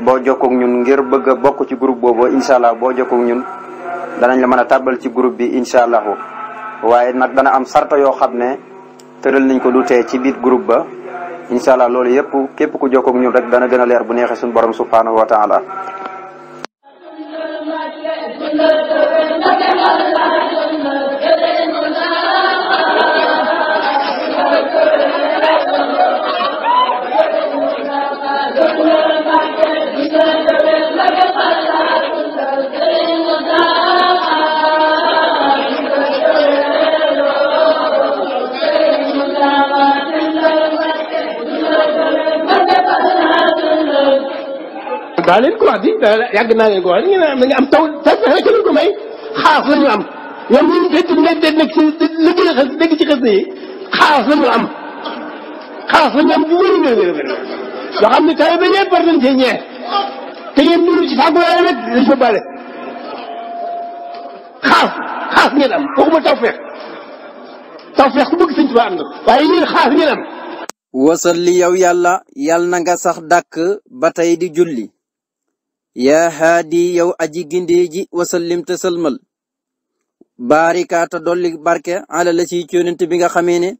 boo jokkoog ñun ngir bëgg bokk ci groupe boobu incha allah boo jokkook ñun danañ la mën a tàbbal ci groupe bi incha allahu waaye nag dana am sarta yoo xam ne tëral nañ ko du tee ci biir groupe ba incha loolu yëpp képp ko jokkoog ñun rek dana gën a leer bu neexee suñu borom subhanahu wa taala naa leen di yàgg naa leen ko di ngeen am da am taw fekk leen am ñoom ñun ci li gën a ngeen ko bale xaas xaas am waxuma taw feex taw ku bëgg sëñ Tuubaa na waaye yéen xaas ngeen am wasal li yow yàlla yàlla na sax dàkk ba tey di julli yaa haadi yow aji gindee ji wasallim te salmal barke ala ci yonent bi nga xamee ne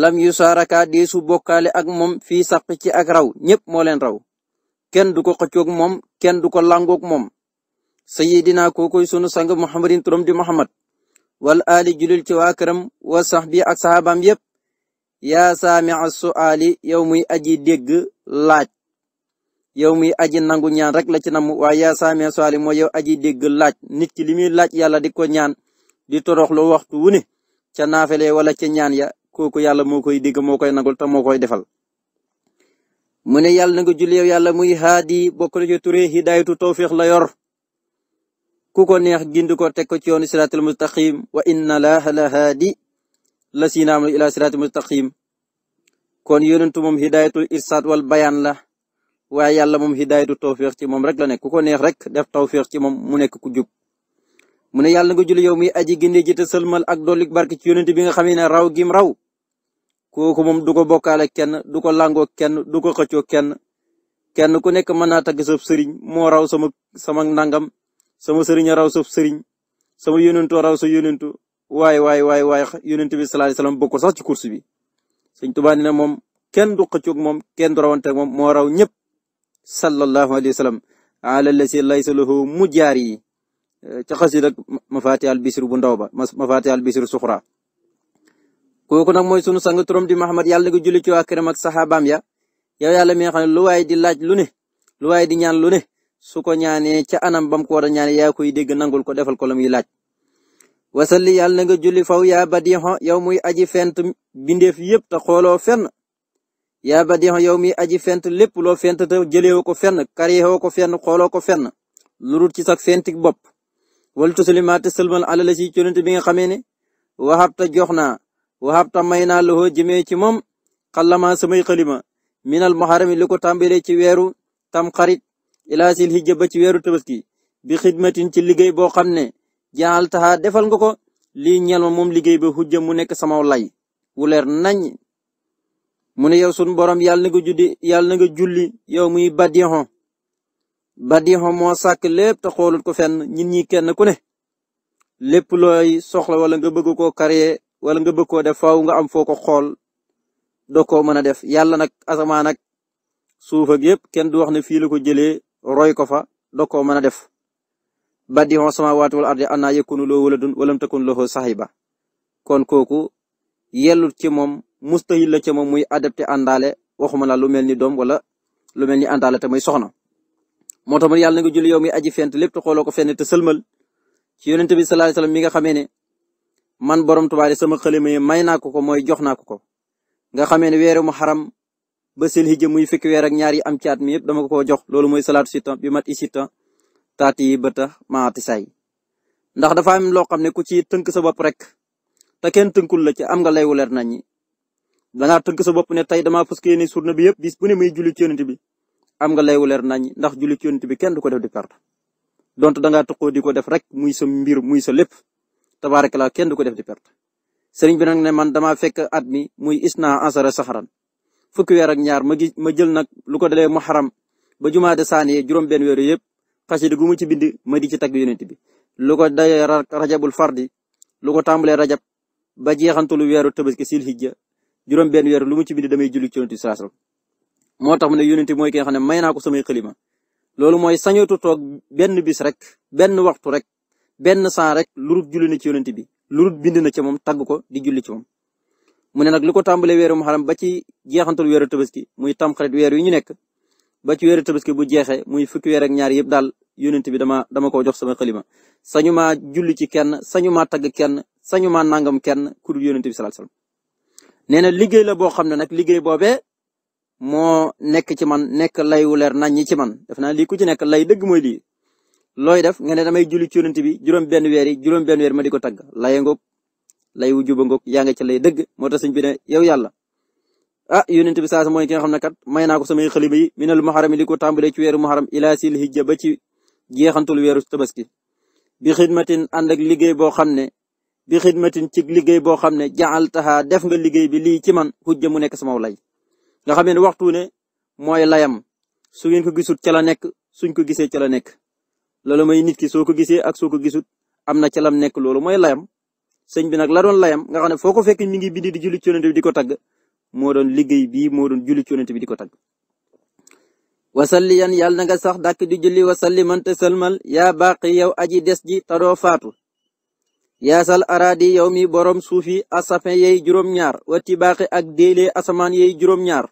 lam yu saaraka deesu bokkaale ak moom fii saq ci ak raw ñëpp moo leen raw kenn du ko xëccoog moom kenn du ko langoog moom sayidina kookoy sunu sang muhammadin turam di muhammad wal ali julil ci waa wa sax bi ak saxaabaam yépp yaa saami as su'aali yow muy aji dégg laaj yow mi aji nangu ñaan rek la ci nam waaye yaa saamee soali aji dégg laaj nit ki li muy laaj yàlla di ko ñaan di toroxlu waxtu wu ne ca naafale wala ca ñaan ya kooku yàlla moo koy dégg moo koy nangul te koy defal. mu ne yàlla na nga julli yàlla muy haadi bokk na ci turee hidayatu tawfiq la yor ku ko neex gindi ko teg ko ci yoonu siraatul wa inna laaha la haadi la siinaam ila siraatul mustaqim kon yonentu moom hidayatul irsaad wal bayaan la. waaye yàlla moom hidaayatu tawfiq ci moom rek la nekk ku ko neex rek def tawfiq ci moom mu nekk ku jub mu ne yàlla nga julli yow mi aji gindi ji te sëlmal ak dollik bark ci yonent bi nga xam ne raw gim raw kooku moom du ko bokkaale kenn du ko langoo kenn du ko xëccoo kenn kenn ku nekk mën naa tagg sab sëriñ moo raw sama sama nangam sama sëriñ raw sab sëriñ sama yonentoo raw sa yonentu waay waay waay waay yonent bi sallallahu alayhi wasallam sax ci course bi Sëriñ Tuubaa nee na moom kenn du xëccoog moom kenn du moom moo ñëpp sallallahu alayhi wa sallam ala lasi laysa lahu mujaar yi ca xasida ak mafaati al bisru bu ndaw ba mafaati al bisru suxra kooku nag mooy sunu sang turam di Muhammad yàlla nga julli ci waa këram ak saxaabaam ya yow yàlla mi nga xam ne lu waay di laaj lu ne lu waay di ñaan lu ne su ko ca anam bam ko war a ñaanee koy dégg nangul ko defal ko la muy laaj wasalli yàlla nga julli faw yaa badixo yow muy aji fent bindeef yëpp te xooloo fenn yaa badix yow mi aji fent lépp loo fent te jëleewoo ko fenn kareewoo ko fenn xooloo ko fenn lu ci sax fentik bopp wal tuslimaat sëlmal alala si yonent bi nga xamee ne waxabta jox naa waxabta may naa loxo jëmee ci moom xalama samay xalima minal muharami li ko tàmbalee ci weeru tam xarit ilaa sil hijja ba ci weeru tabaski bi xidmatin ci liggéey boo xam ne jaal taxaa defal nga ko lii ñel ma moom liggéey ba hujja mu nekk sama lay wu nañ mu ne yow sunu borom yàlla na nga juddi yàlla na nga julli yow muy badixon badixon moo sàkk lépp te xoolul ko fenn ñun ñi kenn ku ne lépp looy soxla wala nga bëgg koo karee wala nga bëgg koo def faaw nga am foo ko xool doo koo mën a def yàlla nag asamaan ak suuf ak yëpp kenn du wax ne fii la ko jëlee roy ko fa doo koo mën a def badixon samaawaati wal ardi annaa yakunu lahu waladun walam takun lahu sahiba kon kooku yellul ci mustahil la ca moom muy adapté àndaale waxuma la lu mel ni doom wala lu mel ni àndaale te muy soxna moo tax man yàlla na nga julli yow mi aji fent lépp te xooloo ko fenn te sëlmal ci yonent bi sallallahu alayhi wasallam mi nga xamee ne man borom tubaab sama xalima yi may naa ko ko mooy jox naa ko ko nga xamee ne weeru mu xaram ba sil hijja muy fekki weer ak ñaar yi am caat mi yëpp dama ko koo jox loolu mooy salaatu sittan bi mat i sittan taati yi ba tax maati say ndax dafa am loo ne ku ci tënk sa bopp rek te kenn tënkul la am nga lay wuleer nañ dangaa tënk sa bopp ne tey dama fas yéene surna bi yëpp bis bu ne muy julli ci yonent bi am nga lay wu leer nañ ndax julli ci bi kenn du ko def di perte donte dangaa tëqoo di ko def rek muy sa mbir muy sa lépp tabaarakalaa kenn du ko def di perte. sëriñ bi nag ne man damaa fekk at mi muy isna asara saxaran fukki weer ak ñaar ma gi ma jël nag lu ko dalee muharam ba jumaada saaniye juróom-benn weer yëpp xasida gu ma ci bind ma di ci tagg yonent bi lu ko dalee rajabul fardi lu ko tàmbalee rajab ba jeexantalu weeru tabaski sil hijja juróom benn weer lu mu ci bind damay julli ci yonent bi sallallahu alayhi moo tax mu ne yonent mooy ki nga xam ne may naa ko samay xalima loolu mooy sañootu toog benn bis rek benn waxtu rek benn saa rek lurut julli na ci yonent bi lurut bind na ci moom tagg ko di julli ci moom mu ne nag lu ko tàmbalee weeru muharram ba ci jeexantul weeru tabaski muy tamxarit weer yu ñu nekk ba ci weeru tabaski bu jeexee muy fukki weer ak ñaar yëpp daal yonent bi dama dama koo jox sama xalima sañu maa julli ci kenn sañu maa tagg kenn sañu maa nangam kenn ku dul yonent bi nee na liggéey la boo xam ne nag liggéey boobee moo nekk ci man nekk lay wu leer nañ ñi ci man def naa lii ku ci nekk lay dëgg mooy li looy def nga ne damay julli ci yonent bi juróom benn weer yi juróom benn weer ma di ko tagg laye ngoog lay wu juba ngoog ci lay dëgg moo tax sëñ bi ne yow yàlla ah yonent bi saa sa mooy ki nga xam ne kat may naa ko samay xalima yi minal muharam li ko tàmbalee ci weeru muharam ilaa sil hijja ba ci jeexantul weeru tabaski bi xidmatin ànd ak liggéey boo xam ne bi xidmatin ci liggéey boo xam ne jaal taxaa def nga liggéey bi li ci man xujja mu nekk sama lay nga xam ne waxtu ne mooy layam su ngeen ko gisut ca la nekk suñ ko gisee ca la nekk loolu mooy nit ki soo ko gisee ak soo ko am na ca lam nekk loolu mooy layam sëñ bi nag la doon layam nga xam ne foo ko fekk mi ngi bind di julli ci yonent bi di ko tagg moo don liggéey bi moo doon julli ci bi di ko tagg wasalli yan yàlla na nga sax dàkk di julli wasalli man te salmal yaa baaqi yow aji des ji ta doo faatu yaasal araadi yow mi borom suuf yi asafin yey juróom-ñaar wati baaxi ak déelee asamaan yey juróom-ñaar.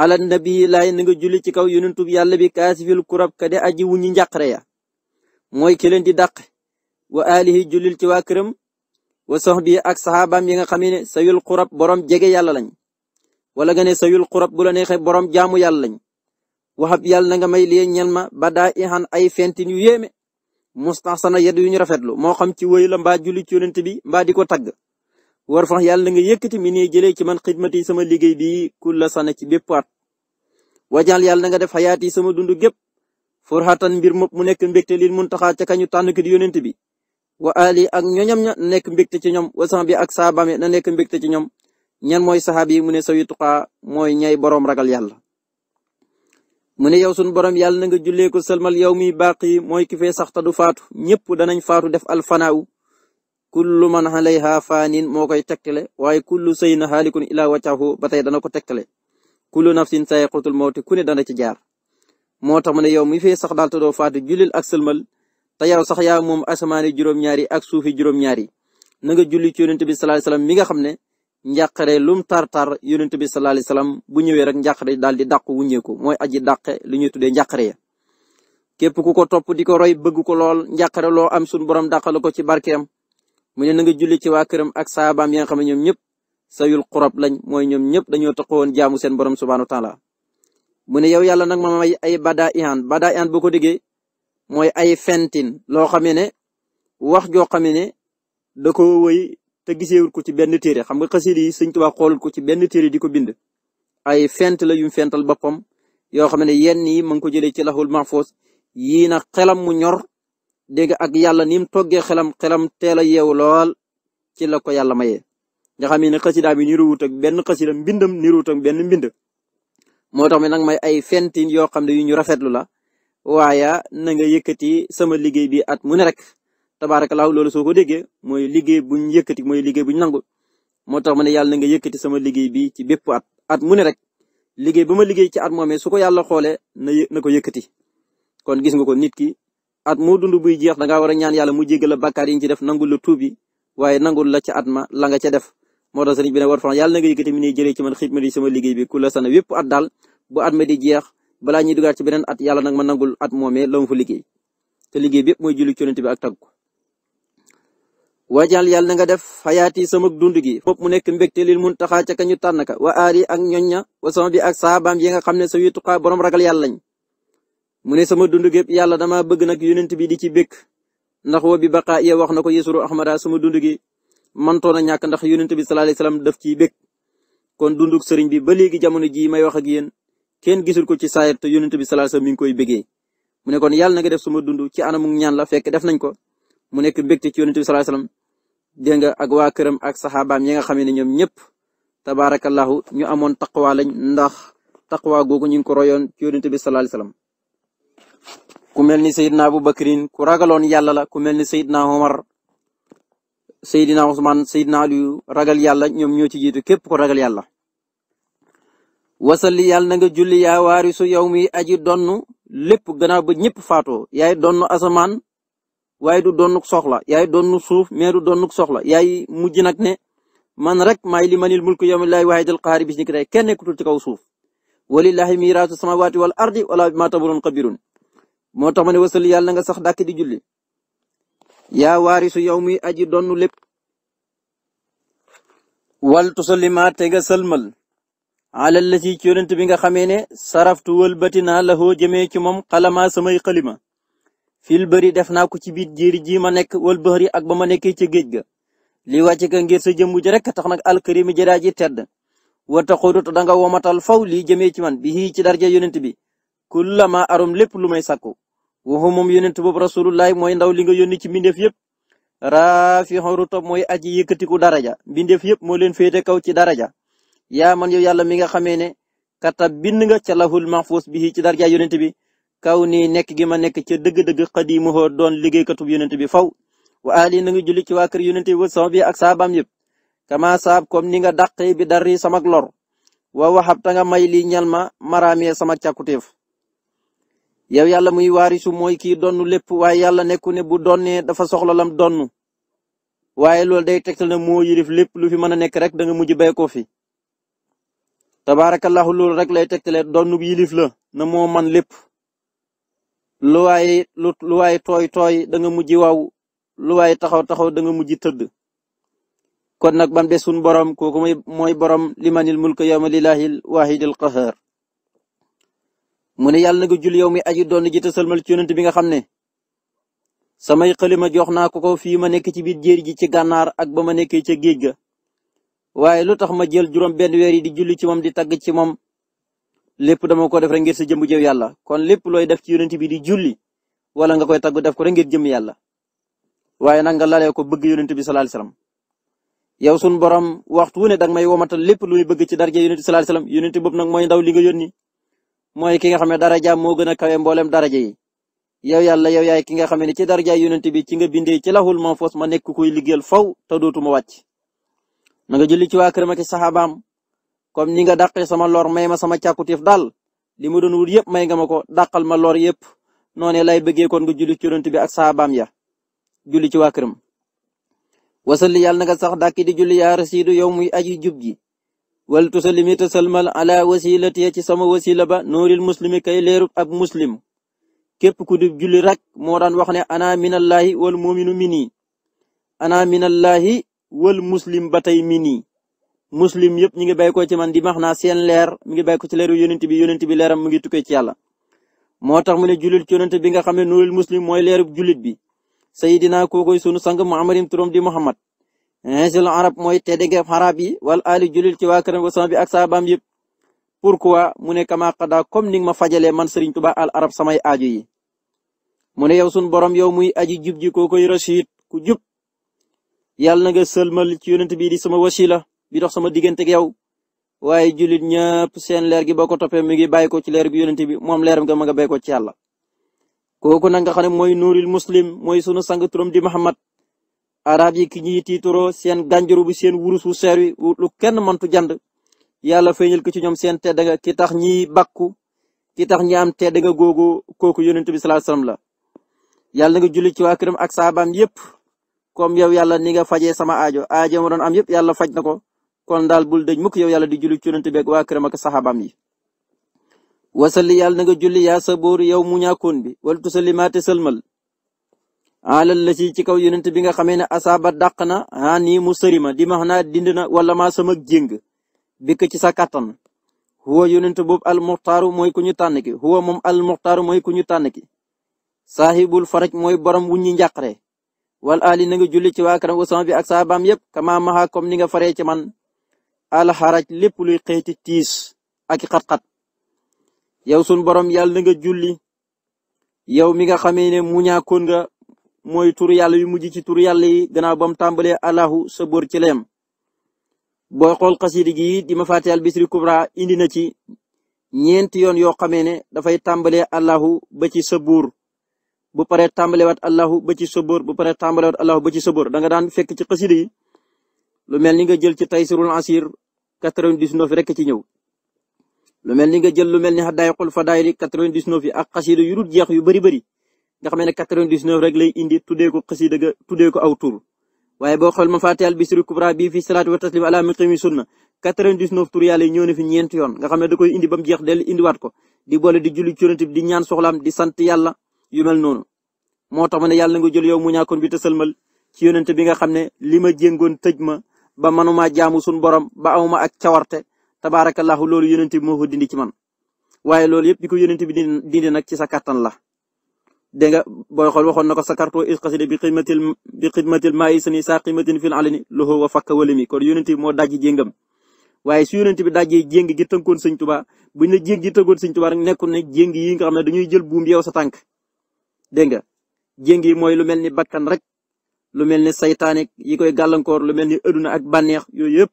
ala nabi laay na nga julli ci kaw yonentub yàlla bi kaasifil kurab kade aji wuñu njàqare ya. mooy ki leen di dàq. wa alihi jullil ci waa këram. wa soxbi ak saxaabaam yi nga xam ne sayul kurab borom jege yàlla lañ. wala nga ne sayul kurab bu la neexee borom jaamu yàlla lañ. waxab yàlla na may lee ñel ma ba i xan ay fentin yu yéeme. mustaxsana yet yu ñu rafetlu moo xam ci wéy la mbaa julli ci yonent bi mbaa di ko tagg war fax yàlla nga yëkkati mi ne jëlee ci man xidmati sama liggéey bi ku la sana ci bépp at wajaal yàlla nga def xayaat yi sama dund gépp furxatan mbir mopp mu nekk li mun muntaxa ca kañu tànn ki di yonent bi wa ali ak ñoñam ña nekk mbégte ci ñoom wa sama bi ak saabame na nekk mbégte ci ñoom ñan mooy saxaab yi mu ne sawitu mooy ñay boroom ragal yàlla mu ne yow sunu borom yàlla na nga jullee ko salmal yow mi baaqi mooy ki fee sax tadu faatu ñëpp danañ faatu def alfanaaw kullu man alayha faanin moo koy tegtale waaye kullu na sayin haalikun ilaa waccahu ba tey dana ko tegtale kullu nafsin sayaqutul mawti ku ne dana ci jaar moo tax mu ne yow mi fee sax daal te doo faatu jullil ak salmal te yow sax yaa moom asamaani juróom-ñaari ak suufi juróom-ñaari na nga julli ci yonent bi sallallahu alayhi mi nga xam ne njàqare lum tar-tar yonent bi sallallahu alayhi wasallam bu ñëwee rek njàqare daal di dàq wuññeeku mooy aji dàqe li ñuy tuddee njàqare ya képp ku ko topp di ko rey bëgg ko lool njàqare loo am sun borom dàqal ko ci barkeem mu ne na nga julli ci waa këram ak saabaam ya nga xam ne ñoom ñëpp sayul xurab lañ mooy ñoom ñëpp dañoo taxawoon jaamu seen borom subhaanahu wa taala mu ne yow yàlla nag ma ay badaa ihaan badaa ihaan boo ko déggee ay fentin loo xamee ne wax joo xamee ne da ko te giseewul ko ci benn téere xam nga xasida yi sëñ Tuubaa xoolul ko ci benn téere di ko bind ay fent la yu fental boppam yoo xam ne yenn yi ma ngi ko jëlee ci laxul mahfuz yii na xelam mu ñor dégg ak yàlla ni mu toggee xelam xelam teel a yeewu lool ci la ko yàlla mayee nga xam ne xasida bi niruwut ak benn xasida mbindam niruwut ak benn mbind moo tax mi nag may ay fentin yoo xam ne yu ñu rafetlu la waaye na nga yëkkati sama liggéey bi at mu ne rek tabaarakallaahu loolu soo ko déggee mooy liggéey bu ñu yëkkati mooy liggéey bu ñu nangu moo tax ma ne yàlla na nga yëkkati sama liggéey bi ci bépp at at mu ne rek liggéey ba ma liggéey ci at moomee su ko yàlla xoolee na na ko yëkkati kon gis nga ko nit ki at moo dund buy jeex da ngaa war a ñaan yàlla mu jéggal la bàkkaar yi ñu ci def nangul la tuub yi waaye nangul la ca at ma la nga ca def moo tax sëriñ bi ne war fan yàlla na nga yëkkati mi ne jëlee ci man xidma di sama liggéey bi ku ma di jeex balaa ñuy dugaat ci beneen at yàlla nag ma nangul at moomee la ma fa liggéey te mooy julli ci yonent ak tagg ko wajal yàlla na nga def xayaati sama dund gi fopp mu nekk mbégte lil mun taxaa ca kañu tànn ka wa aari ak ñoñña wa sama bi ak saabaam yi nga xam ne sa wi borom ragal yàlla lañ mu ne sama dund gépp yàlla dama bëgg nag yonent bi di ci békk ndax woo bi baqaa iya wax na ko yesuru ahmada sama dund gi mëntoon a ñàkk ndax yonent bi sallallahu alayhi wasallam daf ci békk kon dunduk sëriñ bi ba léegi jamono jii may wax ak yéen kenn gisul ko ci saayir te yonent bi sallallahu alayhi mi ngi koy bégee mu ne kon yàlla na def sama dund ci anamu ñaan la fekk def nañ ko mu nekk mbégte ci yonent bi sallallahu alayhi dégg nga ak waa këram ak saxaabaam yi nga xam ne ñoom ñëpp tabaarakallahu ñu amoon taqwa lañ ndax taqwa googu ñu ko royoon ci yonent bi sallallahu alayhi wasallam ku mel ni Seydina Abubakrin ku ragaloon yàlla la ku mel ni Seydina Omar Seydina Ousmane Seydina Aliyu ragal yàlla ñoom ñoo ci jiitu képp ko ragal yàlla. wasalli yàlla na nga julli yaa waarisu yow mi aji donnu lépp gannaaw ba ñëpp faatoo yaay donnu asamaan. waaye du doonuk soxla yaay doonu suuf mais du doonuk soxla yaay mujj nag ne man rek maay li manil mulku yawma lillahi waahidil qahaari bis ni ki tey kenn ci kaw suuf walillahi sama samawaati wal ardi wala bima taburoon xabirun moo tax ma ne wasal yàlla nga sax dàkk di julli yaa waarisu yow mi aji donnu lépp wal tusallimaa te nga sëlmal alal la ci yonent bi nga xamee ne saraftu wëlbati naa la hoo jëmee ci moom xalamaa samay xalima fil bëri def naa ko ci biir jéeri ji ma nekk wal bëri ak ba ma nekkee ca géej ga li wàcce ka ngir sa jëmm ji rek tax nag alkarimi jëraa ji tedd wata xudut da nga womatal faw lii jëmee ci man bii ci darja yonent bi ma arum lépp lu may sakku waxu moom yonent boobu rasulullahi mooy ndaw linga nga yónni ci mbindeef yëpp raafi xoruta mooy aji yëkkatiku daraja mbindeef yëpp moo leen féete kaw ci daraja yaa man yàlla mi nga xamee ne katab bind nga ca lahul mahfuz bii ci darja yonent bi kaw nii nekk gi ma nekk ca dëgg-dëgg xadimuhoo doon liggéeykatub yonent bi faw wa ali na nga julli ci waa kër yonent bi sama bi ak saabaam yëpp kama saab kom ni nga dàqee bi dari samak lor wa waxab ta may li ñal ma maraamee sama càkkutéef yow yàlla muy waarisu mooy kii donnu lépp waaye yàlla nekku ne bu donnee dafa soxla lam donnu waaye loolu day tegtal na moo yilif lépp lu fi mën a nekk rek da mujj bay ko fi tabaarakallahu loolu rek lay tegtale donnu yilif la na moo man lépp lu waaye lu lu waaye tooy tooy da nga mujj waw lu waaye taxaw taxaw da nga mujj tëdd. kon nag bam des borom kooku mooy mooy borom limanil mulk yawma lillahil wahidil qahar mu ne yàlla na nga jul mi aji doon ji te sëlmal bi nga xam ne. samay xalima jox naa ko ko fii ma nekk ci biir jéer ji ci gànnaar ak ba ma nekkee ca géej ga. waaye lu tax ma jël juróom benn weer yi di julli ci moom di tagg ci moom. lépp dama ko def rek ngir sa jëmbu jëw yàlla kon lépp looy def ci yonent bi di julli wala nga koy tagg def ko rek ngir jëm yàlla waaye nag nga ko bëgg yonent bi sallallahu alayhi wasallam yow sun borom waxtu wu ne danga may womatal lépp lu muy bëgg ci darje yonent sallallahu alayhi wasallam yonent boobu nag mooy ndaw li nga yónni mooy ki nga xam ne daraja moo gën a kawe mboolem daraja yi yow yàlla yow yaay ki nga xam ne ci daraja yonent bi ci nga bindee ci lahul mahfuz ma nekk kuy liggéeyal faw te dootuma wàcc na comme ni nga dàqee sama loor may ma sama càkkutéef daal li mu doon wut yëpp may nga ma ko dàqal ma lor yëpp noonee lay bëggee kon nga julli ci yonent bi ak saabaam ya julli ci waa këram wasalli yàlla na sax dàkki di julli yaa rasiidu yow muy aji jub wal tusallimi te salmal ala wasilati ci sama wasila ba nuuril muslimi kay leerub ak muslim képp ku di julli rek moo daan wax ne ana minallahi wal mu'minu mini ana minallahi wal muslim ba tey mini muslim yëpp ñu ngi bay ko ci man di max naa seen leer mi ngi bay ko ci leeru yonent bi yonent bi a mu ngi tukkee ci yàlla moo tax mu ne jullit ci yonent bi nga xam ne nuurul muslim mooy leeru jullit bi sayidina kookoy sunu sang muhammadim turam di muhammad insil arab mooy teddege arab yi wal ali julil ci waa këram sama bi ak saabaam yëpp pourquoi mu ne kama qada comme ni nga ma fajalee man Serigne Touba al arab samay aaju yi mu ne yow sunu borom yow muy aji jub ko kookoy rashid ku jub yàlla na nga sëlmal ci yonent bi di sama wasila bi dox sama diggante ak yow waaye jullit ñëpp seen leer gi boo ko toppee mi ngi bàyyi ci leer bi yonent bi moom leeram nga ma nga bàyyi ko ci yàlla. kooku nag nga xam ne mooy nuuril muslim mooy sunu sang turam di Muhammad arab yi ki ñuy tiituroo seen gànjaru bi seen wurus wu seer wi lu kenn mëntu jand yàlla feeñal ko ci ñoom seen tedd nga ki tax ñiy bakku ki tax ñi am tedd nga googu kooku yonent bi sallallahu alayhi wasallam la. yàlla nga julli ci waa këram ak saabaam yëpp kom yow yàlla ni nga fajee sama aajo aajo ma doon am yëpp yàlla faj na ko. kon daal bul dëj mukk yow yàlla di julli ci yonent bi ak waa këram ak saxaabam yi wasalli yàlla na julli yaa sa bóoru yow mu ñàkkoon bi wala tusalimaate sëlmal alal la ci ci kaw yonent bi nga xamee ne asaba dàq na ah mu sëri ma di max na dind na wala ma sama jéng bi ko ci sa kàttan huwa yonent boobu almuxtaaru mooy ku ñu tànn ki huwa moom almuxtaaru mooy ku ñu tànn ki saahibul faraj mooy borom wu ñi wal ali na julli ci waa kanam bi ak saabaam yépp kama maxa comme ni alxaraj lépp luy xeeti tiis ak xat-xat yow sun borom yàlla na nga julli yow mi nga xamee ne muñaakoon nga mooy tur yàlla yu mujj ci tur yàlla yi gannaaw ba mu tàmbalee allahu sa ci leem booy xool xasida di ma fàtte al bisri indi na ci ñeenti yoon yoo xamee ne dafay tàmbalee allahu ba ci sa buur bu paree tàmbalewaat allahu ba ci sa bu paree tàmbalewaat allahu ba ci sa buur da nga daan fekk ci xasida yi lu mel ni nga jël ci taysirul asir 99 rek ci ñëw lu mel ni nga jël lu mel ni xaddaay xul fadaay li 99 yi ak xasida yu dul jeex yu bari bari nga xam ne 99 rek lay indi tuddee ko xasida ga tuddee ko aw tur waaye boo xool ma fatihal bisri kubra bii fi salaatu wa taslim ala muqimi sunna 99 tur yàlla ñëw na fi ñeent yoon nga xam ne da koy indi ba mu jeex dellu indiwaat ko di boole di julli ci yonent bi di nga jël yow mu ñaakoon bi te sëlmal ci nga xam ne li ma jéngoon tëj ma ba manuma jaamu sun borom ba amuma ak cawarte tabaarakallahu loolu yonent bi moo ko dindi ci man waaye loolu yëpp bi ko yonent bi dindi nag ci sa kattan la dégg nga booy xool waxoon na ko sa karto is bi xidmatil bi xidmatil maa isani saa xidmatin fil alani loxo wa fakka wala mi kon yonent bi moo dajji jéngam waaye su yonent bi dajjee jéng gi tënkoon sëñ Tuubaa buñ la jéng gi tënkoon sëñ Tuubaa rek nekkul ne jéng yi nga xam ne dañuy jël buum yow sa tànk dégg nga jéng yi mooy lu mel ni bakkan rek lu mel ni saytaane yi koy gàllankoor lu mel ni ëdduna ak bànneex yooyu yëpp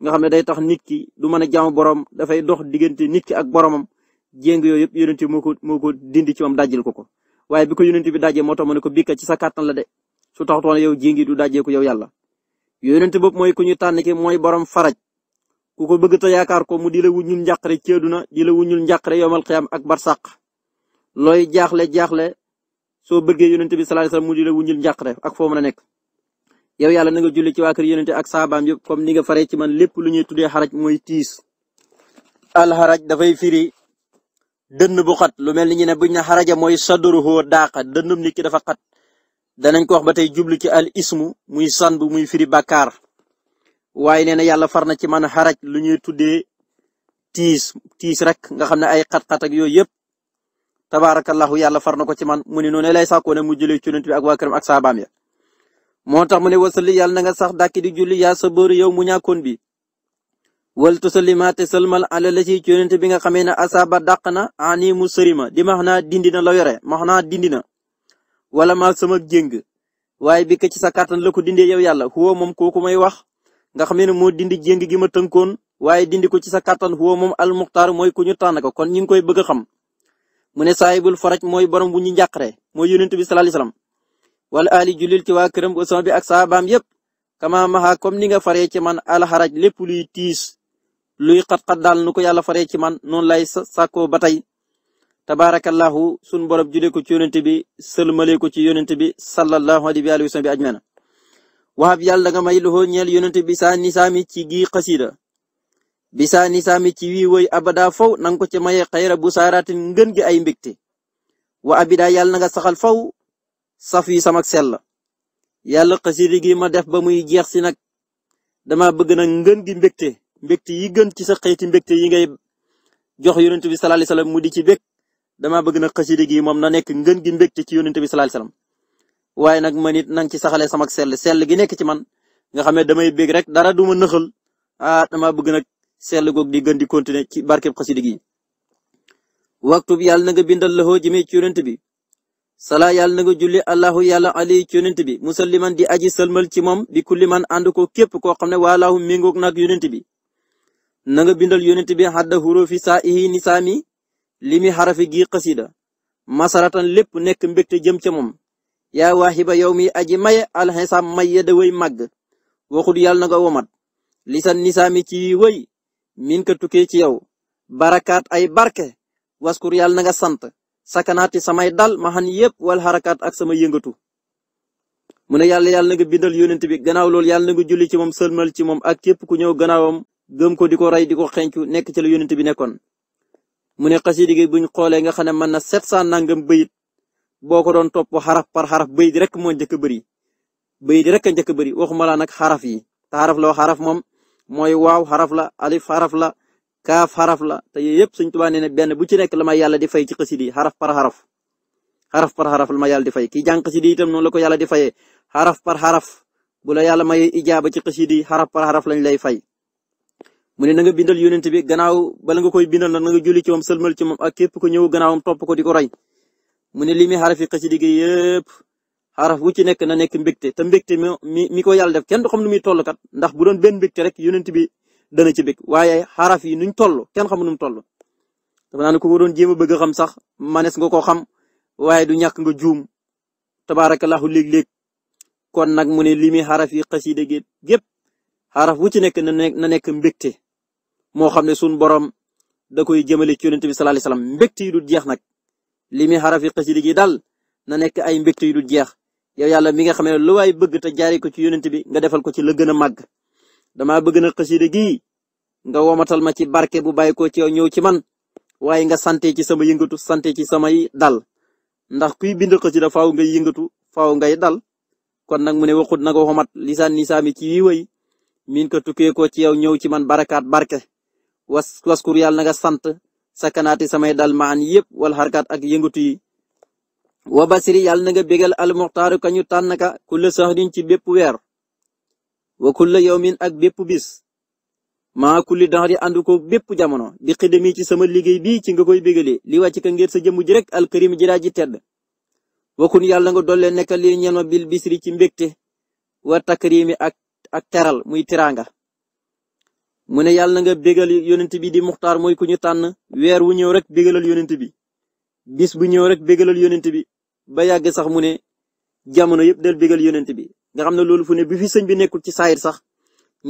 nga xam ne day tax nit ki du mën a jaamu borom dafay dox diggante nit ki ak boromam jéng yooyu yëpp yonent bi ko moo dindi ci moom dajjil ko ko waaye bi ko yonent bi dajjee moo tax ne ko bikka ci sa kàttan la de su taxutoon yow jéngi du daje ko yow yàlla yonent boobu mooy ku ñu tànn mooy borom faraj ku ko bëgg te yaakaar ko mu di la wuññul njàqare ci àdduna di la wuññul njàqare yomal xiyaam ak barsàq looy jaaxle jaaxle soo bëggee yonent bi sallallahu alayhi wasallam mu di la wuññil njàqare ak foo mën a nekk yow yàlla na nga julli ci waa kër yonent ak saabaam yëpp comme ni nga faree ci man lépp lu ñuy tuddee xaraj mooy tiis alxaraj dafay firi dënn bu xat lu mel ni ñu ne buñ ne xaraja mooy sadruhu daaqa dënnum nit ki dafa xat danañ ko wax ba tey jublu ci al ismu muy sanb muy firi bàkkaar waaye nee na yàlla far na ci man xaraj lu ñuy tuddee tiis tiis rek nga xam ne ay xat-xat ak yooyu yëpp tabaarakallahu yàlla far na ko ci man mu ne noonu lay sàkkoo ne mu julli ci yonent bi ak waa ak saabaam ya moo tax mu ne wasalli yàlla na nga sax dàkki di julli yaa sa bëru yow mu ñàkkoon bi wal tusallima te salmal ala la ci yonent bi nga xamee ne asaaba dàq na ani mu ma di max naa dindi na la yore max naa dindi na wala maa sama jéng waaye bi ci sa kàttan la ko dindee yow yàlla huwa moom kooku may wax nga xamee ne moo dindi jéng gi ma tënkoon waaye dindi ko ci sa kàttan huwa moom al muxtaar mooy tànn ko kon ñu ngi koy bëgg a xam mu ne saahibul faraj mooy borom bu ñu njàqare mooy yonent bi sallallahu alayhi wala ali julil ci waa këram bu sama bi ak saabaam yëpp kama maxa comme ni nga faree ci man alxaraj lépp luy tiis luy xat-xat daal nu ko yàlla faree ci man noonu lay sàkkoo ba tey tabaarakallahu sun borob julee ko ci yonent bi sëlmalee ko ci yonent bi sallallahu alayhi wasallam bi ajmana wahab yàlla nga may loxo ñeel yonent bi saa ci gi xasida bisaani mi ci wii woy abada faw nang ko ci maye xayra bu saaraatin ngën gi ay mbégte wa abida yàlla na nga saxal faw saf yi samak sell yàlla xasida gi ma def ba muy jeex si nag dama bëgg nag ngën gi mbégte mbégte yi gën ci sa xeeti mbégte yi ngay jox yonent bi sallallahu alayhi mu di ci bég dama bëgg nag xasida gi moom na nekk ngën gi mbégte ci yonent bi sallallahu alayhi wasallam waaye nag man it nang ci saxalee samak sell sel gi nekk ci man nga xam ne damay bég rek dara duma nëxal ah dama bëgg nag seetlu goog di gën di continuer ci barkeb xasida gi waxtu bi yàlla na nga bindal loxo jëmee ci yonent bi salaa yàlla na nga julli allahu yàlla ali ci yonent bi musalliman di aji sëlmal ci moom bi kulli man ànd ko képp koo xam ne waalaahu méngoog nag yonent bi na nga bindal yonent bi xadda xurufi saa sa nisaami li mi xarafi gi xasida masaratan lépp nekk mbégte jëm ca moom yaa waaxiba yow mi aji maye alxisaam may da way màgg waxut yàlla na nga womat lisan nisaami ci wëy min ka tukkee ci yow barakaat ay barke waskur yàlla na nga sant sakanaati samay dal ma xan yépp wal xarakaat ak sama yëngatu mu ne yàlla yàlla na nga bindal yónent bi gannaaw loolu yàlla na nga julli ci moom sëlmal ci moom ak képp ku ñëw gannaawam gëm ko di ko rey di ko xencu nekk ci la yónent bi nekkoon mu ne xasida gi buñ xoolee nga xam ne mën na 700 nangam bayit boo ko doon topp xaraf par xaraf bayit rek moo njëkk a bëri bayit rek njëkk a bëri waxuma laa nag yi te xaraf loo xaraf moom mooy waaw xaraf la alif xaraf la kaaf xaraf te yooyu yëpp Sëñ Tuubaa nee benn bu ci nekk la ma yàlla di fay ci xasida yi xaraf par xaraf xaraf par xaraf la ma yàlla di fay kii jàng xasida yi itam noonu la ko yàlla di fayee xaraf par xaraf bu la yàlla may ijaaba ci xasida yi xaraf par xaraf lañ lay fay. mu ne na bindal yonent bi gannaaw bala nga koy bindal na juli julli ci moom sëlmal ci moom ak képp ku ñëw gannaawam topp ko di ko roy limi xarafi xasida gi xaraf wu ci nekk na nekk mbégte ta mbégte mi mi ko yàlla def kenn du xam nu muy toll kat ndax bu doon benn mbégte rek yonent bi dana ci bég waaye xaraf yi nuñ toll kenn xam nu mu toll. dama naan ku ko doon jéem a bëgg a xam sax manes nga koo xam waaye du ñàkk nga juum tabaarakallahu léeg-léeg kon nag mu ne limi xaraf yi xasida gi gépp xaraf wu ci nekk na nekk na nekk mbégte moo xam ne sunu borom da koy jëmale ci yonent bi sallallahu alayhi wasallam yi du jeex nag limi xaraf yi xasida dal na nekk ay mbégte yi du jeex. yow yàlla mi nga xam ne lu waay bëgg te jaari ko ci yonent bi nga defal ko ci la gën a màgg damaa bëgg na xasida gi nga womatal ma ci barke bu bàyyi ko ci yow ñëw ci man waaye nga sante ci sama yëngatu sante ci samay dal ndax kuy bind xasida faw ngay yëngatu faw ngay dal kon nag mu ne waxut na ko xomat lisaan nisaami ci wii way min ko tukkee ko ci yow ñëw ci man barakaat barke was waskur yàlla na nga sant sakanaati samay dal maan yëpp wala xarkaat ak yëngatu yi wa basiri yàlla na nga bégal almuxtaaru ka ñu tànn ka kulla sahrin ci bépp weer wa kulla yawmin ak bépp bis maa kulli daxri ànd ko bépp jamono bi xidami ci sama liggéey bii ci nga koy bégalee li wàcc ka ngir sa jëmm ji rek alkarim ji ji tedd wakun yàlla nga dolle nekkal li ñeel ma bil bisri ci mbégte wa takrimi ak ak teral muy tiraanga mu ne yàlla nga bégal yonent bi di muxtaar mooy ku ñu tànn weer wu ñëw rek bégalal yonent bi bis bu ñëw rek bégalal bi ba yàgg sax mu ne jamono yëpp del bégal yonent bi nga xam ne loolu fu ne bi fi sëñ bi nekkul ci saayir sax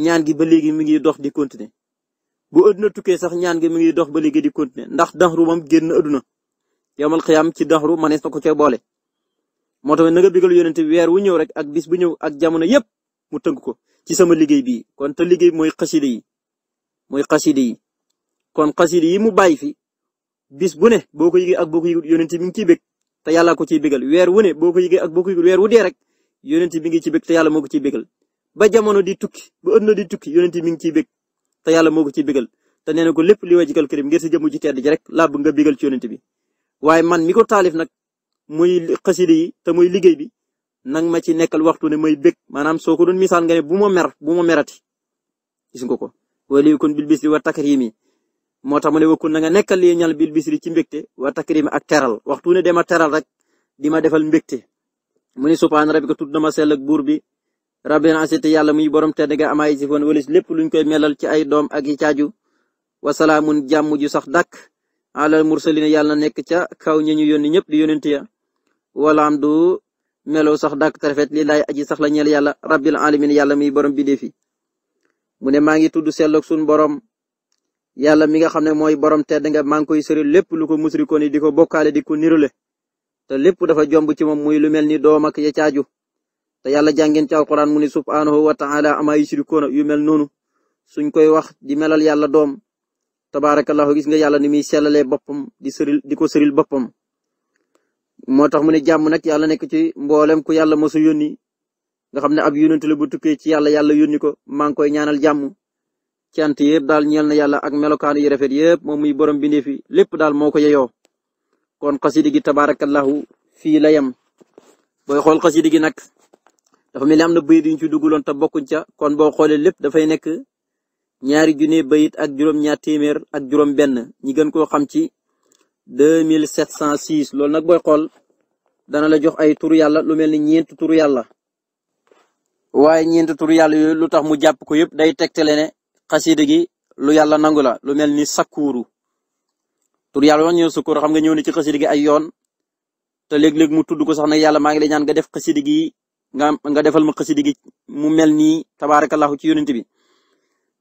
ñaan gi ba léegi mi ngi dox di continuer bu adduna tukkee sax ñaan gi mi ngi dox ba léegi di continuer ndax daxru moom génn adduna yawmal xiyaam ci daxru manees na ko cee boole moo tax na nga bégal yonent bi weer wu ñëw rek ak bis bu ñëw ak jamono yëpp mu tënk ko ci sama liggéey bi kon te liggéey mooy xasida yi mooy xasida yi kon xasida yi mu bàyyi fi bis bu ne boo ko yëgee ak boo ko yëgut yonent mi ngi ciy bég te yàlla ko ciy bégal weer wu ne boo ko yëgee ak boo ko yëgul weer wu dee rek yonent bi ngi ci bég te yàlla moo ko ciy ba jamono di tukki ba ëdduna di tukki yonent mi ngi ciy bég te yàlla moo ko ciy bégal te nee na ko lépp li wajikal karim ngir sa jëmm ji tedd ji rek laa bëgg nga bégal ci yonent bi waaye man mi ko taalif nag muy xasida yi te muy liggéey bi nag ma ci nekkal waxtu ne may bég maanaam soo ko doon misaan nga bu ma mer bu mo merati gis nga ko wala kon bil bisri wa takrimi moo tax mu ne wakkun na nga nekkal li ñal bil bisri ci mbégte wa takrim ak teral waxtu ne dema teral rek di ma defal mbégte mu ne subhaana rabbika tudd na ma sell ak buur bi rabbil asiti yàlla muy borom tedd nga am ay sifoon walis lépp luñ koy melal ci ay doom ak i caaju mun jàmm ju sax dàkk alal mursalina yàlla nekk ca kaw ñi ñu yónni ñëpp di yónent ya walaam du meloo sax dàkk te rafet lii laay aji sax la ñeel yàlla rabbil alamin yàlla muy borom bi defi mu ne maa yàlla mi nga xam ne mooy borom tedd nga maa ngi koy sori lépp lu ko musrikoon yi di ko bokkaale di ko nirule te lépp dafa jomb ci moom muy lu mel ni doom ak ya te yàlla jàngeen ci alquran mu ni subhaanahu wa taala ama yusrikoona yu mel noonu suñ koy wax di melal yàlla doom tabaarakallahu gis nga yàlla ni muy sellalee boppam di sëril di ko sëril boppam moo tax mu ne jàmm nag yàlla nekk ci mboolem ku yàlla mosu yónni nga xam ne ab yónnante la bu tukkee ci yàlla yàlla yónni ko maa ngi koy ñaanal jàmm cant yëpp daal ñeel na yàlla ak melokaan yu rafet yëpp moom muy borom bi ne fi lépp daal moo ko yeyoo kon xasida gi tabaarakallahu fii la yem booy xool xasida gi nag dafa mel ni am na bayit yu ci dugguloon te bokkuñ ca kon boo xoolee lépp dafay nekk ñaari junne bayit ak juróom-ñaar téeméer ak juróom-benn ñi gën koo xam ci mille 2706 loolu nag booy xool dana la jox ay turu yàlla lu mel ni ñeenti turu yàlla. waaye ñeenti turu yàlla yooyu lu tax mu jàpp ko yëpp day tegtale xasida gi lu yàlla nangu la lu mel ni sakkuuru tur yàlla wax ñëw sakkuuru xam nga ñëw na ci xasida gi ay yoon te léeg-léeg mu tudd ko sax ne yàlla maa ngi lay ñaan nga def xasida gi nga nga defal ma xasida gi mu mel nii tabaarakallahu ci yonent bi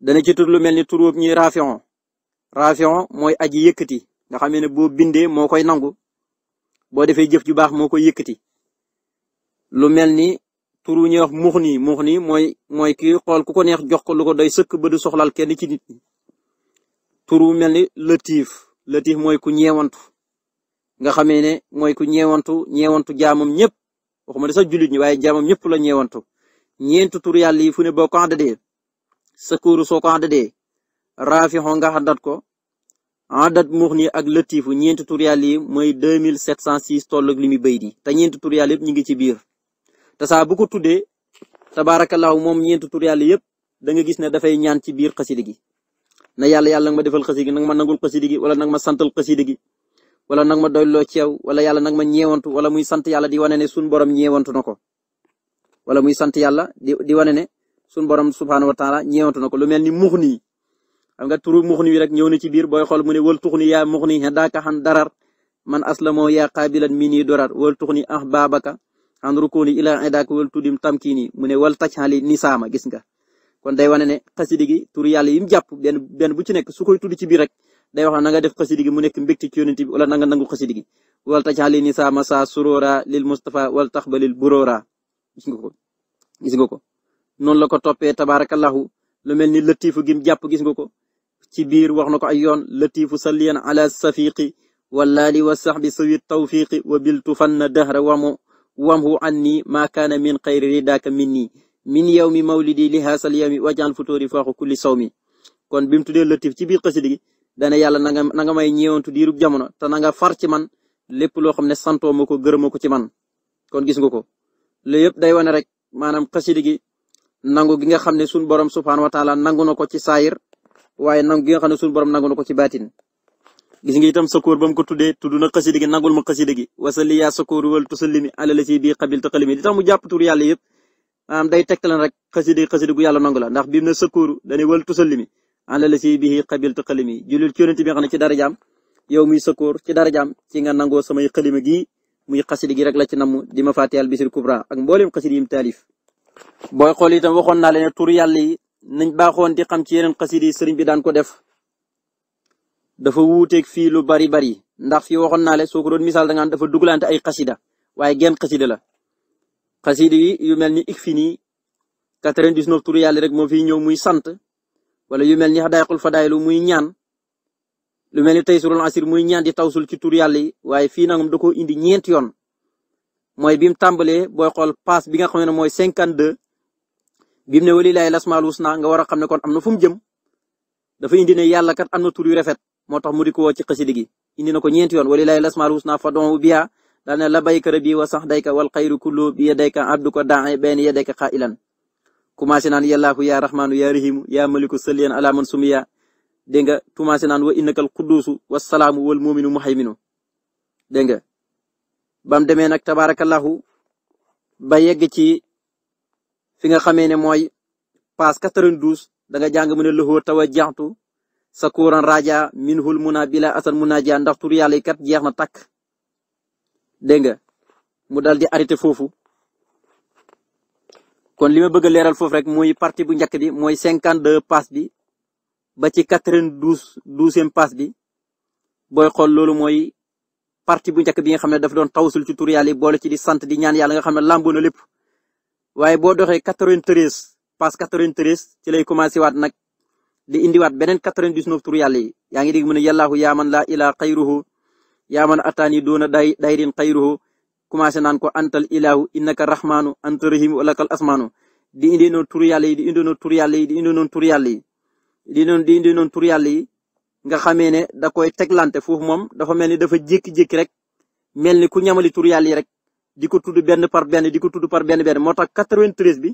dana ci lu mel ni turub ñi rafion rafion mooy aji yëkkati nga xam ne boo bindee moo koy nangu boo defee jëf ju baax moo koy yëkkati lu mel tur wu ñuy wax muux nii muux nii mooy mooy kii xool ku ko neex jox ko lu ko doy sëkk ba du soxlaal kenn ci nit ñi mel ni latif latif mooy ku ñeewantu nga xamee ne mooy ku ñeewantu ñeewantu jaamam ñëpp waxuma ne sax jullit ñi waaye jaamam ñëpp la ñeewantu ñeenti tur yàlla yi fu ne boo ko àndadee sakkuuru soo ko àndadee raafixo nga àndat ko àndat muux nii ak latifu ñeenti tur yàlla yi mooy deux mille sept cent six toll li muy béy di te ñeenti tur yàlla yëpp ñu ngi ci biir. te saa bu ko tuddee tabaarakallaahu moom ñeent tur yàlla yëpp da nga gis ne dafay ñaan ci biir xasida gi na yàlla yàlla nag defal xasida gi nag ma nangul xasida gi wala nag ma santal xasida gi wala nag ma doyloo ci yow wala yàlla nag ma ñeewantu wala muy sant yàlla di wane ne suñu borom ñeewantu na ko wala muy sant yàlla di di wane ne suñu borom subhaanahu wa taala ñeewantu na ko lu mel ni mux nii xam nga turu mux nii rek ñëw na ci biir booy xool mu ne wal tuxni yaa mux nii daaka xan darar man aslamoo yaa qaabilan mi nii dorar wal tuxni ah baabaka an rukuni ila idaka wal tamkini mu ne wal tajali nisaama gis nga kon day wane ne xasidi gi tur yàlla yim jàpp benn benn bu ci nekk su koy tudd ci biir rek day wax na nga def xasidi gi mu nekk mbégte ci yonent bi wala na nga gi nga ko noonu la ko toppee tabarakallahu lu mel ni latifu gim jàpp gis nga ko ci biir wax na ko ay yoon latifu salliyan ala safiqi walaali wa saxbi sawi tawfiqi wa biltu fanna dahra wamu wamhu anni ma kaana min xayri ridaaka minni min yawmi mawlidi li haasal yawmi wajal futóori kuli saw sawmi kon bi mu tuddee latif ci biir xasida gi dana yàlla na nga may ñeewantu diirub jamono te nanga nga far ci man lépp loo xam ne santoo ma ko gërëma ko ci man kon gis nga ko loolu day wane rek maanaam xasida gi nangu gi nga xam ne suñu borom subhaanahu wa taala na ko ci saayir waaye nangu gi nga xam ne borom nangu na ko ci baatin gis nga itam sakoor ba mu ko tuddee tudd na xasida gi nangul ma xasida gi wasalli yaa sakoor wal tusallimi la si bii xabil xalimi li tax mu jàpp tur yàlla yëpp ndax bimu ne sakoor dane wal tusallimi ala la si bii xabil ta xalimi julul ci ci dara jaam muy sakoor ci dara jaam ci nga nangoo samay xalima gi muy xasida gi rek la ci nam di ma fàtte al bisir kubra ak mbooleem xasida yim taalif booy xool itam waxoon naa leen tur yàlla yi nañ baaxoon di xam ci yeneen xasida sëriñ bi daan ko def dafa wuuteeg fii lu bari bari ndax fii waxoon naa le soo roon doon misaal da ngaan dafa dugalante ay xasida waaye gen xasida la xasida yi yu mel ni ik fi nii 99 turu yàlla rek moo fiy ñëw muy sant wala yu mel ni fa fadaaylu muy ñaan lu mel ni tey taysirul asir muy ñaan di tawsul ci turu yàlla yi waaye fii nangam da ko indi ñeenti yoon mooy bi mu tàmbalee booy xool paas bi nga xam ne mooy 52 bi mu ne walilaay lasmaal husna nga war a xam ne kon am na fu mu jëm dafa indi yàlla kat am na tur yu rafet moo tax mu di ko woo ci xasida gi indi na ko ñeenti yoon walilahi lasmaal husna fad'u biha daal ne labayka rabbi wa saxdayka wal xayru kullu bi yadayka abduka da'i bayna yadayka qailan commencé naan yallaahu ya rahmaanu ya rahimu ya maliku salliyan ala man sumiya dégg nga commencé naan wa innakal wa wasalaamu wal muminu muhayminu dégg nga bam demee nag tabaarakallahu ba yegg ci fi nga xamee ne mooy paas 92 da nga jàng mu ne lahu tawajjahtu sa sakuran raja minhul muna bila asan munaja ndax tur yàlla kat jeex na takk dégg nga mu dal di arrêté foofu kon li ma bëgg leeral foofu rek mooy parti bu njëkk bi mooy cinquante deux pass bi ba ci quatre-vingt-douze douzième pass bi booy xool loolu mooy partie bu njëkk bi nga xam ne dafa doon taw tawsul ci tur yàlla yi boole ci di sant di ñaan yàlla nga xam ne làmboo na lépp waaye boo doxee quatre-vingt-treize pass quatre-vingt-treize ci lay commencé waat nag di indiwaat beneen 99 tur yàlla yi yaa ngi dégg mu ne yàllaahu yaa man laa ilaa xayruhu yaa man ataani doona day dayrin xayruhu commencé naan ko antal ilaahu innaka rahmaanu anta rahimu walakal asmaanu di indi noon tur yàlla yi di indi noon tur yi di indi noon tur yàlla yi di noon indi noon tur yàlla yi nga xamee ne da koy teglante foofu moom dafa mel ni dafa jékki-jékki rek mel ni ku ñamali tur yàlla yi rek di ko tudd benn par benn di ko tudd par benn benn moo tax 93 bi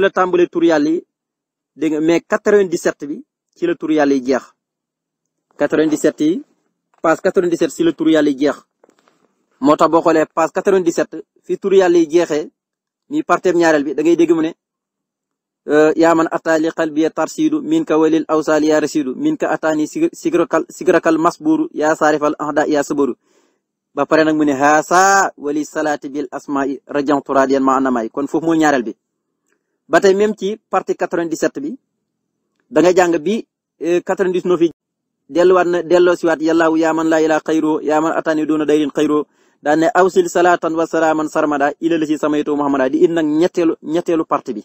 la tàmbalee tur yi dégg nga mais 97 bi ci la tur yàlla yi jeex 97 yi paas 97 ci la tur yàlla yi jeex moo tax boo xoolee paas 97 fi tur yàlla yi jeexee mi parteem ñaareel bi da ngay dégg mu ne euh, yaa man ataali qalbiya tarsidu minka walil awsaali yaa rasidu minka ataani sigrakal sigrakal masburu yaa saarifal ahda yaa sabaru ba pare nag mu ne haasa wali salaati bil asmaai rajantu radiyan ma anamay kon foofu mooy ñaareel bi ba tey même ci partie 97 bi da nga jàng bi 99 eh, yi delluwaat na delloosiwaat yàllaahu yaa man laa ilaa xayroo yaa man ataani doona dayrin xayroo daan ne awsil salaatan wa salaaman sarmada ila la si samaytoo muhammada di indi nag ñetteelu ñetteelu partie bi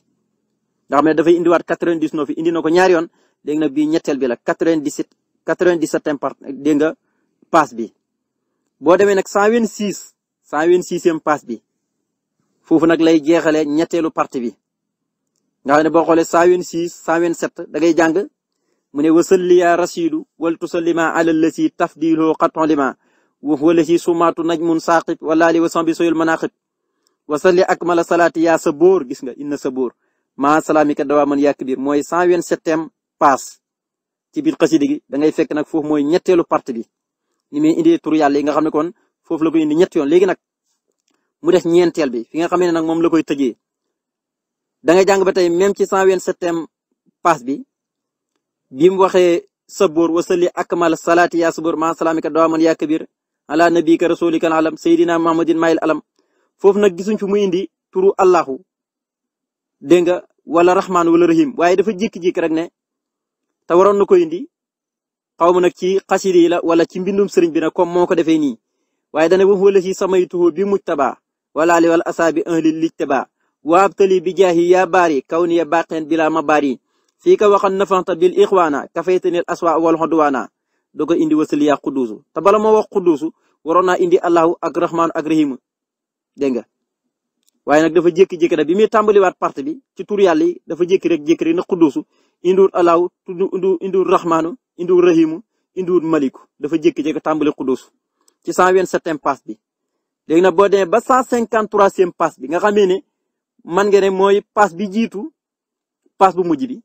nga xam ne dafay indiwaat 99 yi indi na ko ñaari yoon dégg nga bii ñetteel bi la 97 97e part dégg nga paas bi boo demee nag 126 126e paas bi foofu nag lay jeexale ñetteelu partie bi nga xam ne boo xoolee cent vingt six cent vingt sept da ngay jàng mu ne wasalli yaa rasidu wal tusallima ala lasi tafdilu xaton lima wa huwa lasi sumaatu najmun saqib wala ali wasan bi soyul manaqib wasalli akmala salaati yaa sa boor gis nga inna sa boor maa salaamika dawaa man yàkk mooy cent vingt septième paas ci biir xasida gi da ngay fekk nag foofu mooy ñetteelu partie bi ni muy indi tur yàlla yi nga xam ne kon foofu la koy indi ñett yoon léegi nag mu def ñentel bi fi nga xam ne nag moom la koy tëjee da ngay jàng ba tey même ci cent vingt-septième pass bi bi waxe waxee sabur wasali akmal salaati ya sabur ma salaamika daaman ya kabir ala nabika rasulika alam sayidina mahamadin mayil alam foofu nag gisuñ fi mu indi turu allahu dégg nga wala rahman wala rahim waaye dafa jékki-jékki rek ne te waroon na ko indi xaw ma nag ci xasida yi la wala ci mbindum sëriñ bi nag comme moo ko defee nii waaye dana wax wala si samay tuhu bi mujtaba wala li wal asaabi ahli lijtaba وابتلي بجاهي يا باري كوني باق بلا مباري فيك وقد نفعت بالإخوانا كفيتني الأسواء والهدوانا دوغا اندي وصل يا قدوس تبالا ما wax قدوس ورونا اندي الله اك رحمان اك رحيم دنگا waaye nag dafa jékki-jékki nag bi muy tàmbaliwaat parti bi ci tur yàlla yi dafa jékki rek jékki rek na xudduusu indiwut alaaw tudd indiwut rahmaanu indiwut rahimu indiwut maliku dafa jékki-jékki tàmbali xudduusu ci 127e passe bi. léegi nag boo demee ba 153e passe bi nga xamee ne man nga ne mooy pass bi jiitu pass bu mujj bi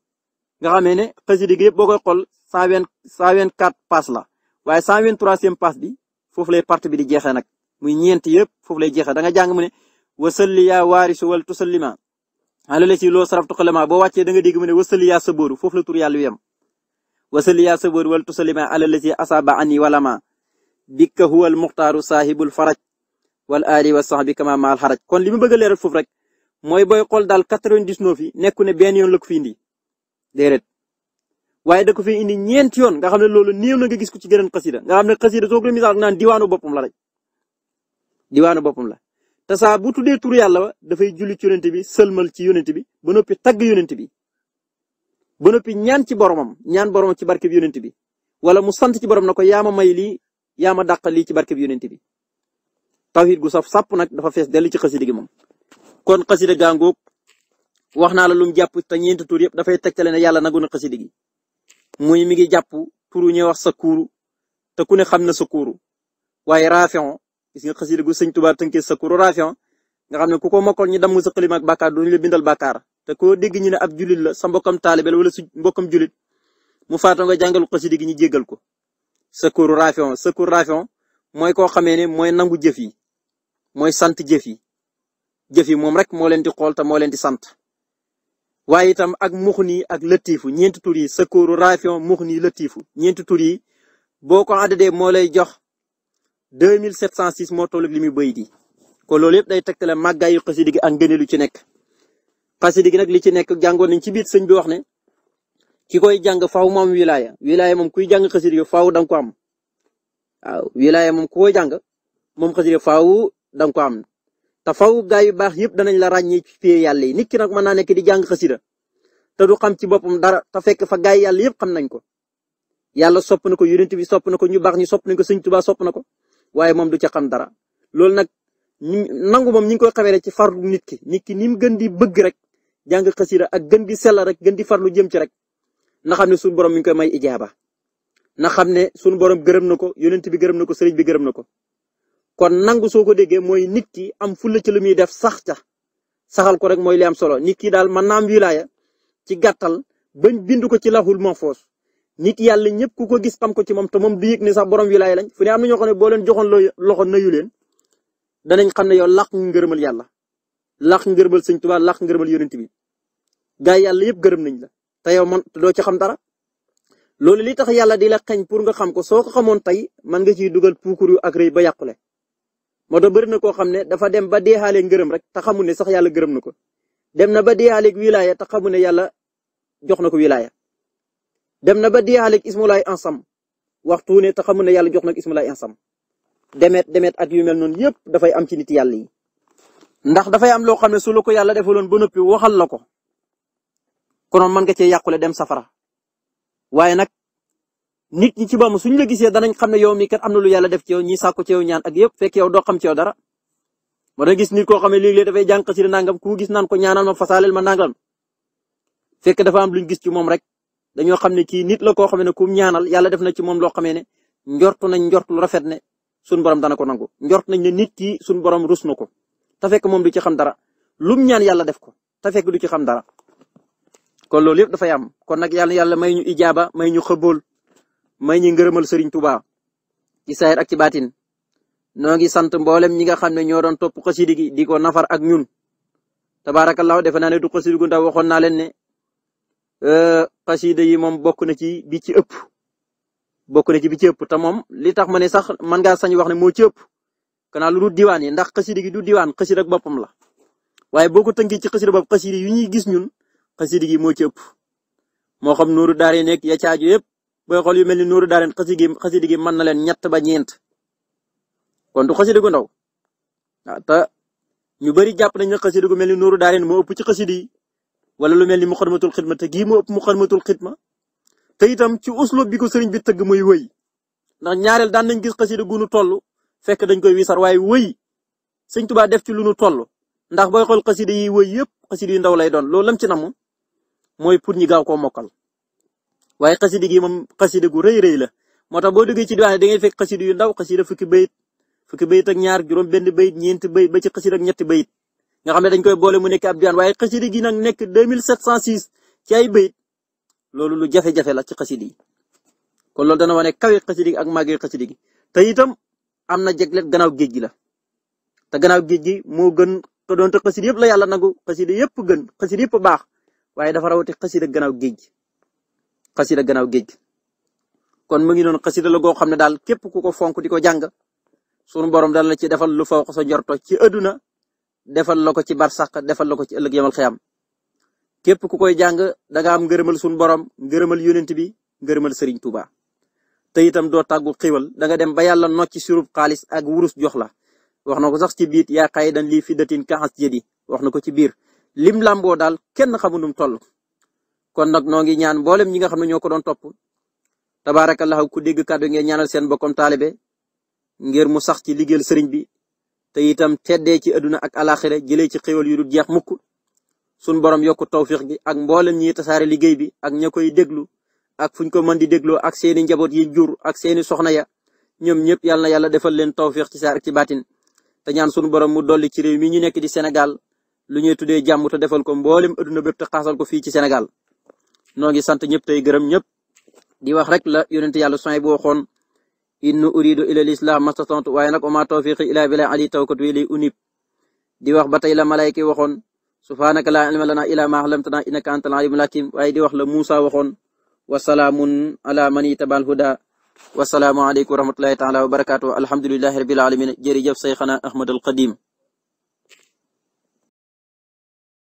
nga xamee ne xasida gi yëpp boo koy xool cent vingt cent vingt quatre pass la waaye cent vingt troisième pass bi foofu lay partie bi di jeexee nag muy ñent yëpp foofu lay jeexee da nga jàng mu ne wasalli yaa waarisu wal tusallima ala la si loo saraftu xalama boo wàccee da nga dégg mu ne wasalli yaa sabooru foofu la tur yàlla yem wasalli yaa sabooru wal tusallima ala la si asaba ani walama bikka huwal muxtaaru saahibul faraj wal aali wa sahbi kama maal xaraj kon li mu bëgg a foofu rek mooy booy xool daal quatre vingt dix nekku ne benn yoon la ko fi indi déedéet waaye da ko fi indi ñeenti yoon nga xam ne loolu néew na nga gis ko ci geneen xasida nga xam ne xasida soo ko misaal naan diwaanu boppam la rek diwaanu boppam la te saa bu tuddee tur yàlla ba dafay julli ci yonent bi sëlmal ci yonent bi ba noppi tagg yonent bi ba noppi ñaan ci boromam ñaan boromam ci barke bi yonent bi wala mu sant ci borom na ko yaa ma may lii ya ma dàq lii ci barke bi yonent bi tawhid gu saf sàpp nag dafa fees dell ci xasida gi moom kon xasida gàngoog wax naa la lum jàpp ta ñeenti tur yëpp dafay tegtale ne yàlla nangu na xasida gi muy mi ngi jàpp turu ñuy wax sakkuuru te ku ne xam na sakkuuru waaye rafion gis nga xasida gu sëñ Tuubaa tënkee sakkuuru rafion nga xam ne ku ko mokkal ñu damm sa xalima ak bàkkaar duñu bindal bàkkaar te koo dégg ñu ne ab julit la sa mbokkam taalibe la wala su mbokkam julit mu faatoo nga jàngal xasida gi ñu jéggal ko sakkuuru rafion sakkuuru rafion mooy koo xamee ne mooy nangu jëf yi mooy sant jëf yi jëf yi moom rek moo leen di xool te moo leen di sant waaye itam ak muxni ak latifu ñeenti tur yi sakooru rafion muxni latifu ñeenti tur yi boo ko addadee moo lay jox 2706 moo toll ak li muy bëy di ko loolu yëpp day tegtale màggaayu xasida gi ak ngëneelu ci nekk xasida gi nag li ci nekk jàngoon nañ ci biir sëñ bi wax ne ki koy jàng faaw mu am wilaya wilaya moom kuy jàng xasida gi faaw da nga am waaw wilaya moom jàng moom xasida faaw da ko am te faw gaa yu baax yëpp danañ la ràññee ci fii yàlla yi nit ki nag mën naa nekk di jàng xasida te du xam ci boppam dara te fekk fa gaa yi yàlla yëpp xam nañ ko yàlla sopp na ko yonent bi sopp na ko ñu baax ñi sopp nañ ko sëñ Tuubaa sopp na ko waaye moom du ca xam dara loolu nag nangu moom ñi ngi koy xamee ci farlu nit ki nit ki ni mu gën di bëgg rek jàng xasida ak gën di sell rek gën di lu jëm ci rek na xam ne suñu borom mi ngi koy may ijaaba na xam ne suñu borom gërëm na ko yonent bi gërëm na ko sëriñ bi gërëm na ko kon nang soo ko déggee mooy nit ki am fulla ci lu muy def sax ca saxal ko rek mooy li am solo nit ki daal mën naa am wilaaya ci gàttal bañ bind ko ci laxul mahfuus nit yàlla ñëpp ku ko gis xam ko ci moom te moom du yëg sax borom wilaaya lañ fu ne am na ñoo xam ne boo leen joxoon loxo nayu leen danañ xam ne yow làq ngërëmal yàlla làq ngërëmal sëñ Tuubaa làq ngërëmal yonent bi ga yàlla yëpp gërëm nañ la te yow man doo ci xam dara loolu li tax yàlla di la xañ pour nga xam ko soo xamoon tey mën nga ciy dugal puukuru ak rëy ba yàqule moo tax bëri na koo xam ne dafa dem ba deexaale ngërëm rek te xamul ne sax yàlla gërëm na ko dem na ba deexaaleeg wilaya te xamul ne yàlla jox na ko wilaya dem na ba deexaaleeg ismulaay ansam waxtu wu ne te xamul ne yàlla jox na ko ismulaay ansam demet demet ak yu mel noonu yëpp dafay am ci nit yàlla yi. ndax dafay am loo xam ne su la ko yàlla defaloon ba noppi waxal la ko konoon mën nga cee yàqule dem safara waaye nag nit ñi ci boobu suñ la gisee danañ xam ne yow mii kat am na lu yàlla def ci yow ñi sàkku ci yow ñaan ak yëpp fekk yow doo xam ci yow dara. moo tax gis nit koo xam ne léeg-léeg dafay jàng xasida nangam ku gis naan ko ñaanal ma fasaaleel ma nangam fekk dafa am luñ gis ci moom rek dañoo xam ne kii nit la koo xam ne ku ñaanal yàlla def na ci moom loo xamee ne njortu nañ njort lu rafet ne suñ borom dana ko nangu njort nañ ne nit ki suñ borom rus ko ta fekk moom du ci xam dara lu ñaan yàlla def ko te fekk du ci xam dara kon loolu yëpp dafay am kon nag yàlla yàlla may ñu ijaaba may ñu xëbool may ñi ngërëmal Serigne Touba ci saayir ak ci baatin noo ngi sant mboolem ñi nga xam ne ñoo doon topp xasidi gi nafar ak ñun tabaarakallaahu defe naa ne du xasidi gu ndaw waxoon naa leen ne euh, xasida yi moom bokk na ci bi ci ëpp bokk na ci bi ci ëpp te moom li tax ma ne sax man ngaa sañ wax ne moo ci ëpp kanaa lu du diwaan yi ndax xasida gi du diwaan xasida ak boppam la waaye boo ko tënkee ci xasida bopp xasida yu ñuy gis ñun xasida gi moo ci ëpp moo xam nooru daara nekk ya caaju yëpp booy xool yu mel ni nuuru daareen xasida gi xasida gi mën na leen ñett ba ñeent kon du xasida gu ndaw a ah, te ñu bëri jàpp nañ ne xasida gu mel ni nuuru daareen moo ëpp ci xasida yi wala lu mel ni muxadamatul xidma te gii moo ëpp muxadamatul xidma te itam ci uslub bi ko sëriñ bi tëgg muy wëy ndax ñaareel daan nañ gis xasida gu nu toll fekk dañ koy wisar waaye wëy sëñ Tuubaa def ci lu nu toll ndax booy xool xasida yi wëy yëpp xasida yu ndaw lay doon loolu lam ci namu mooy pour ñi gaaw koo mokkal waaye xasida gi moom xasida gu rëy rëy la moo tax boo ci diwaan da ngay fekk xasida yu ndaw xasida fukki bayit fukki bayit ak ñaar juróom benn bayit ñeenti bayit ba ci xasida ak ñetti bayit nga xam ne dañ koy boole mu nekk ab diwaan waaye xasida gi nag nekk 2706 ci ay bayit loolu lu jafe-jafe la ci xasida yi kon loolu dana wane kawe xasida gi ak màggee xasida gi te itam am na jeglet gannaaw géej gi la te gannaaw géej gi moo gën ko doon te xasida yëpp la yàlla nangu xasida yëpp gën xasida yëpp baax waaye dafa rawati xasida gannaaw géej gi xasida gannaaw géej kon mu ngi noonu xasida la goo xam ne daal képp ku ko fonk di ko jàng sunu borom dal la ci defal lu faw sa njorto ci àdduna defal la ko ci barsax defal la ko ci ëllëg yamal xiyam képp ku koy jàng da nga am ngërëmal sunu borom ngërëmal yonent bi ngërëmal Serigne Touba. te itam doo tàggu xiwal da nga dem ba yàlla nocc surub xaalis ak wurus jox la wax na ko sax ci biit yaa xay dan lii fiddatin kaxas jëdi wax na ko ci biir lim làmboo daal kenn xamu num toll kon nag noo ngi ñaan mboolem ñi nga xam ne ñoo ko doon topp tabaarakallahu ku dégg kàddu ngeen ñaanal seen bokkom taalibe ngir mu sax ci liggéeyal sëriñ bi te itam tedde ci aduna ak alaxira jëlee ci xéwal yu dul jeex mukk sun borom yokku tawfiix gi ak mboolem ñi tasaare liggéey bi ak ña koy déglu ak fuñ ko mën di dégloo ak seeni njaboot yi jur ak seeni soxna ya ñoom ñëpp yàlla na yàlla defal leen tawfiix ci saar ci baatin te ñaan sunu borom mu dolli ci réew mi ñu nekk di Sénégal lu ñuy tuddee jàmm defal ko mboolem aduna bépp te xaasal ko fii ci Sénégal noo ngi sant ñëpp tey gërëm ñëpp di wax rek la yonent yàlla soy bu waxoon in uridu ila lislam mastatantu waaye nag oma tawfiqi ila bila ali tawkat wi li unib di wax ba tey la malayka yi waxoon subhanaka la ilma lana ila ma allamtana innaka antal alimul hakim waaye di wax la Muusa waxoon wa salaamun ala man itabal huda wa salaamu aleykum wa rahmatullahi taala wa barakaatu alhamdulillahi rabbil alamin jërëjëf seyxana ahmad al qadim